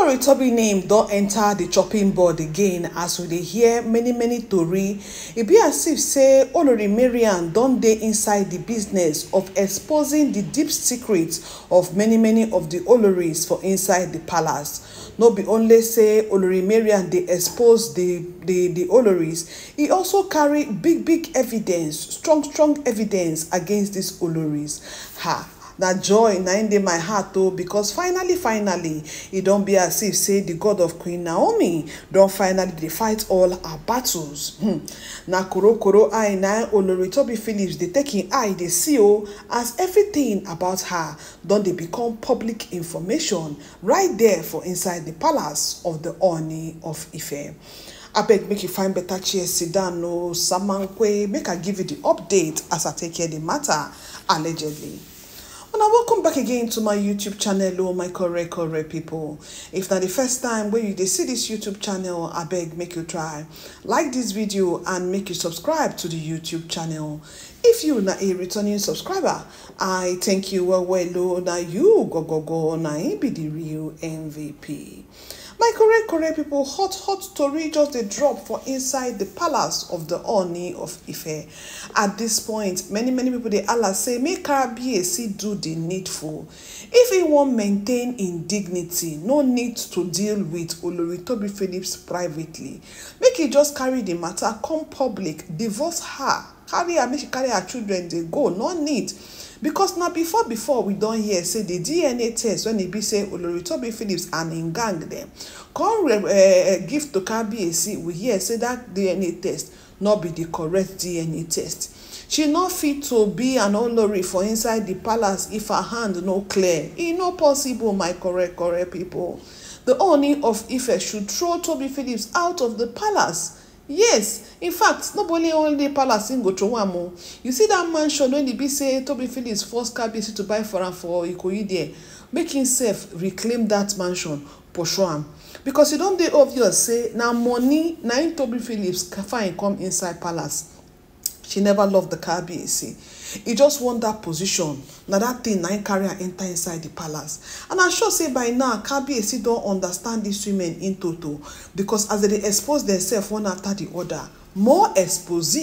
olori tobi name don enter the chopping board again as we dey hear many many tori e be as if say olori marian don dey inside the business of exposing the deep secrets of many many of the oloris for inside the palace no be only say olori marian dey expose the the the oloris e also carry big big evidence strong strong evidence against these oloris ha na joy na im dey my heart o oh, because finally finally e don be as if say the god of queen naomi don finally dey fight all her battles hmm. na korokoro eye na oloritobi phillips dey take im eye dey see o oh, as everything about her don dey become public information right there for inside the palace of the oni of ife. abeg make you find better chair sit down o oh, samankwe make i give you the update as i take hear the matter allegedly Una welcome back again to my YouTube channel, oh my correct correct people. If that the first time when you see this YouTube channel, I beg make you try like this video and make you subscribe to the YouTube channel. If you na a returning subscriber, I thank you well well oh, na you go go go na him be the real MVP. my correct correct people hot hot story just a drop for inside the palace of the oni of ife at this point many many people they ala say make carabie do the needful if he won't maintain im dignity no need to deal with Olori Toby phillips privately make he just carry the matter come public divorce her carry her make she carry her children They go no need because na before before we don hear say the dna test wen e be say Olori oloritobi phillips and im gang dem come eh, eh, give to kabiyesi we hear say dat dna test no be di correct dna test she no fit to be an olori for inside di palace if her hand no clear e no possible my correct correct pipo The only of ife should throw tobi phillips out of the palace yes in fact no be only only palace im go throw am o you see dat mansion wey e be say tobi phillips force kabiyesi to buy for am for ikoyi there make im sef reclaim dat mansion pursue am because e don dey obvious say na money na im tobi phillips find come inside palace she never loved the kbac He just want that position Now that thing, na im carry her enta inside the palace and i'm sure say by now kbac don't understand these women in total because as they expose themselves one after the other, more expose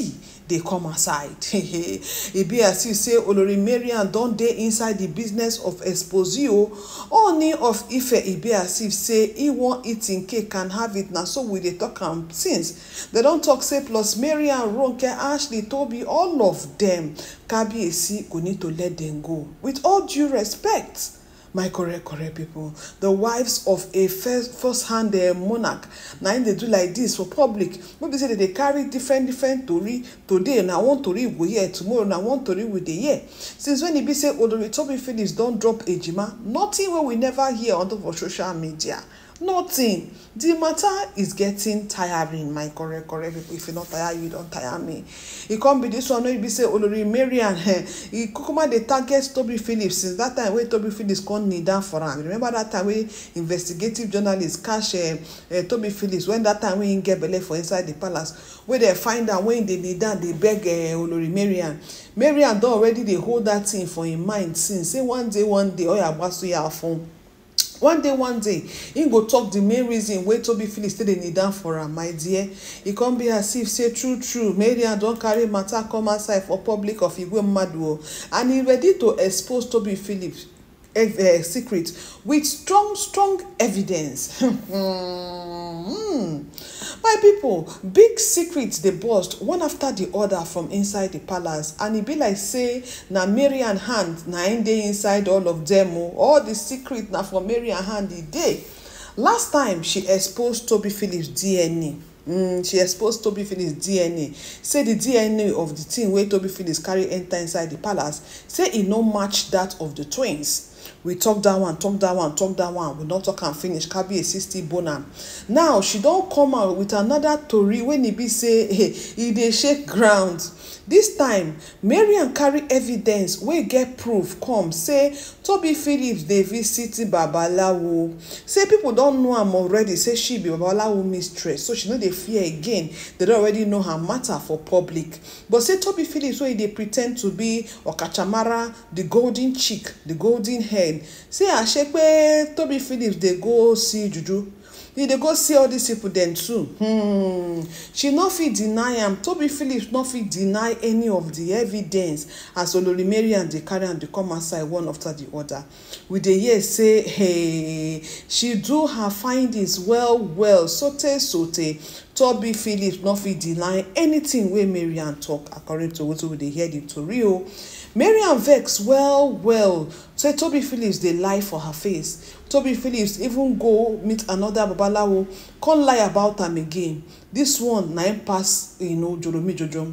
dey come aside e be as if say olori Marian don dey inside di business of exposio oni of ife e be as if say e wan eat im cake and have it na so we dey tok am since dem don talk. say plus Marian, ronke ashley Toby, all of dem kabiyesi go need to let dem go with all due respect my correct correct people, the wives of a first first hand eh, monarch na im dey do like this for public no be say dem dey carry different different tori today na one tori we hear tomorrow na one tori we dey hear since when e be say olori tobi phillips don drop ejima nothing wey we never hear on top of social media nothing the matter is getting tiring my correct correct people if you no tire you don tire me e come be this one wey be say olori mariam e kukuma dey target toby phillips since that time wey toby phillips come kneel down for am remember that time wey investigative journalist catch uh, uh, toby phillips when that time wey him get belle for inside the palace wey dem find am when him dey kneel down dey beg uh, olori Marian. Marian don already dey hold that thing for him mind since say one day one day oya gbaso ya afun one day one day he go talk the main reason wey Toby phillips still dey kneel down for am my dear e come be as if say true true mariam don carry matter come outside for public of igwe mmadu o and he ready to expose Toby phillips uh, secret with strong, strong evidence. mm. My people, big secrets they burst one after the other from inside the palace, and it e be like say na Mary and hand na in dey inside all of them. Oh. All the secret na for Mary and hand the day. Last time she exposed Toby Phillips DNA. Mm, she expose toby phillips dna say the dna of the thing wey toby phillips carry enter inside the palace say e no match that of the twins we talk that one talk that one talk that one we don talk and finish kabiyesi still bone am now she don come out with another tori wey e be say e dey shake ground This time mariam carry evidence wey get proof come say Toby phillips dey visit babalawo say people don know am already say she be babalawo mistress so she no dey fear again They don already know her matter for public but say Toby phillips wey e dey pretend to be okachamara the golden chick, the golden head say ase pe Toby phillips dey go see juju e dey go see all these pipo dem too hmm she no fit deny am Toby phillips no fit deny any of the evidence as olorimarian dey carry am dey come outside one after the oda we dey hear say hey, she do her findings well well sote sote Toby phillips no fit deny anytin wey marian talk according to wetin we dey hear the tori o Mariam vex well well say Toby Phillips they lie for her face. Toby Phillips even go meet another babalawo Can't lie about am again. This one nine im pass you know Joromi Jojo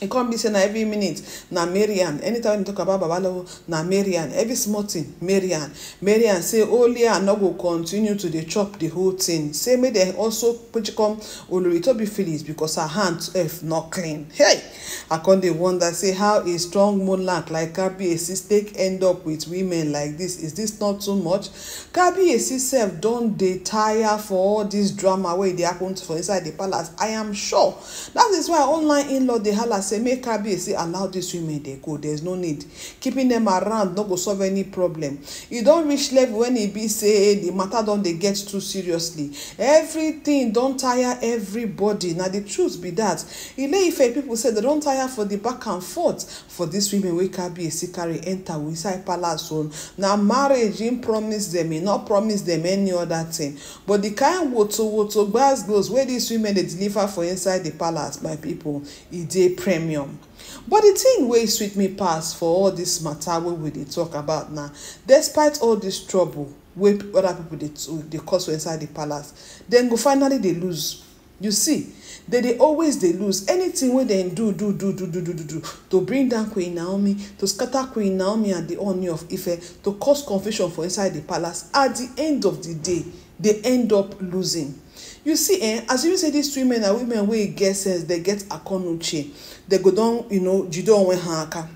e come be say na every minute na marian anytime we talk about babalawo na marian every small thing marian marian say only oh, her no go continue to dey chop the whole thing say make dem also come oloritobi phillips because her hand f eh, not clean hey i con dey wonder say how a strong monarch like kabiyesi take end up with women like this is this not too much kabiyesi sef don dey tire for all this drama wey dey happen for inside the palace i am sure that is why online in-law dey hala say make kabiyesi allow these women dey go there is no need keeping them around no go solve any problem e don reach level when e be say the matter don dey get too seriously everything don tire everybody na the truth be that dat ileife people say they don tire for the back and forth for these women wey kabiyesi carry enter inside palace own na marriage im promise dem e no promise them any other thing but the kind woto woto gbas gbos wey these women dey deliver for inside the palace my pipo e dey premium but di tin wey sweet me pass for all this matter wey we dey tok about now, despite all this trouble wey oda pipo dey cause for inside the palace dem go finally dey lose you see dem dey always dey lose anything wey dem do do do do do do do do to bring down queen naomi to scatter queen naomi and the honey of ife to cause confusion for inside the palace at the end of the day dey end up losing you see eh As you say these three men, na women wey get sense dey get akọnuche dey go don you know judo onwe ha aka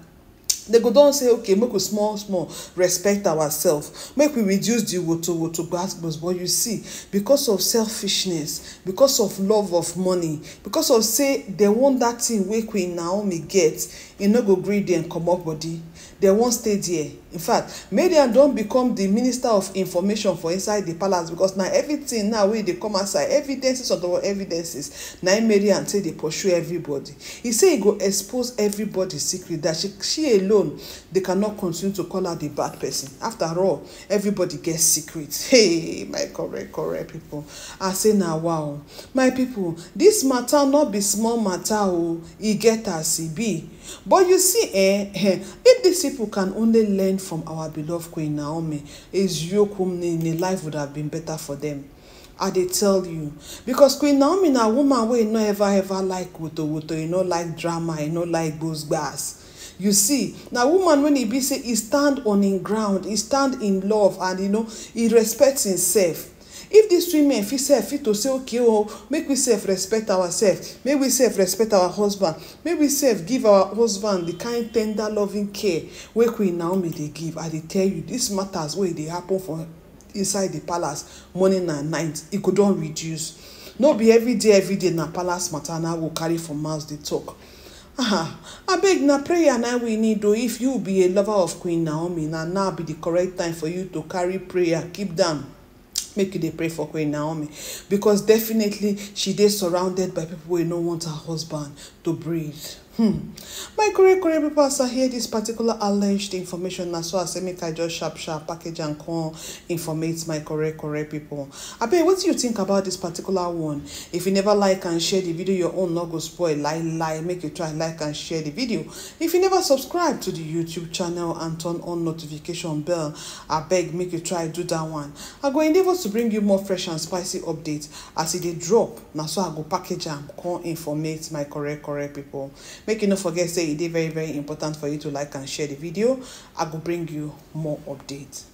they go don say okay make we small small respect ourselves make we reduce the woto woto gbasgbos but you see because of selfishness because of love of money because of say dem want that thing wey queen naomi get e no go gree dem comot body dem wan stay there in fact mariam don become the minister of information for inside the palace because na everything now wey e dey come outside evidences of the evidences na im mariam say dey pursue everybody e say e go expose everybody secret that she she alone dey cannot continue to call her the bad person after all everybody get secret hey my correct correct people. i say na wow my people, this matter no be small matter o oh. e get as e be but you see eh, eh if dis people can only learn from our beloved Queen Naomi, Eziokwu Nene, life would have been better for them. I they tell you because Queen Naomi na woman wey e no ever ever like woto-woto, You e no like drama, You e no like gbos-gbas. you see now woman when he be say he stand on in ground he stand in love and you know he respects himself if dis women fit sef fit to say okay oh, make we sef respect ourself make we sef respect our husband make we sef give our husband the kind tender loving care wey queen naomi dey give i dey tell you dis matters wey dey happen for inside the palace morning and night e go don reduce no be every day, every day na palace matter na go carry for mouth dey talk ah abeg na prayer na we need o oh. if you be a lover of queen naomi na now be the correct time for you to carry prayer keep down make you dey pray for queen naomi because definitely she dey surrounded by people wey no want her husband to breathe Hmm. My correct correct people, as I hear this particular alleged information, as well as make I just sharp sharp package and call informate my correct correct people. Abeg, what do you think about this particular one? If you never like and share the video, your own no go spoil. Lie lie, make you try like and share the video. If you never subscribe to the YouTube channel and turn on notification bell, I beg make you try do that one. I go endeavor to bring you more fresh and spicy updates as it e dey drop. Na so I go package and call informate my correct correct people make you not forget say it e is very very important for you to like and share the video i go bring you more updates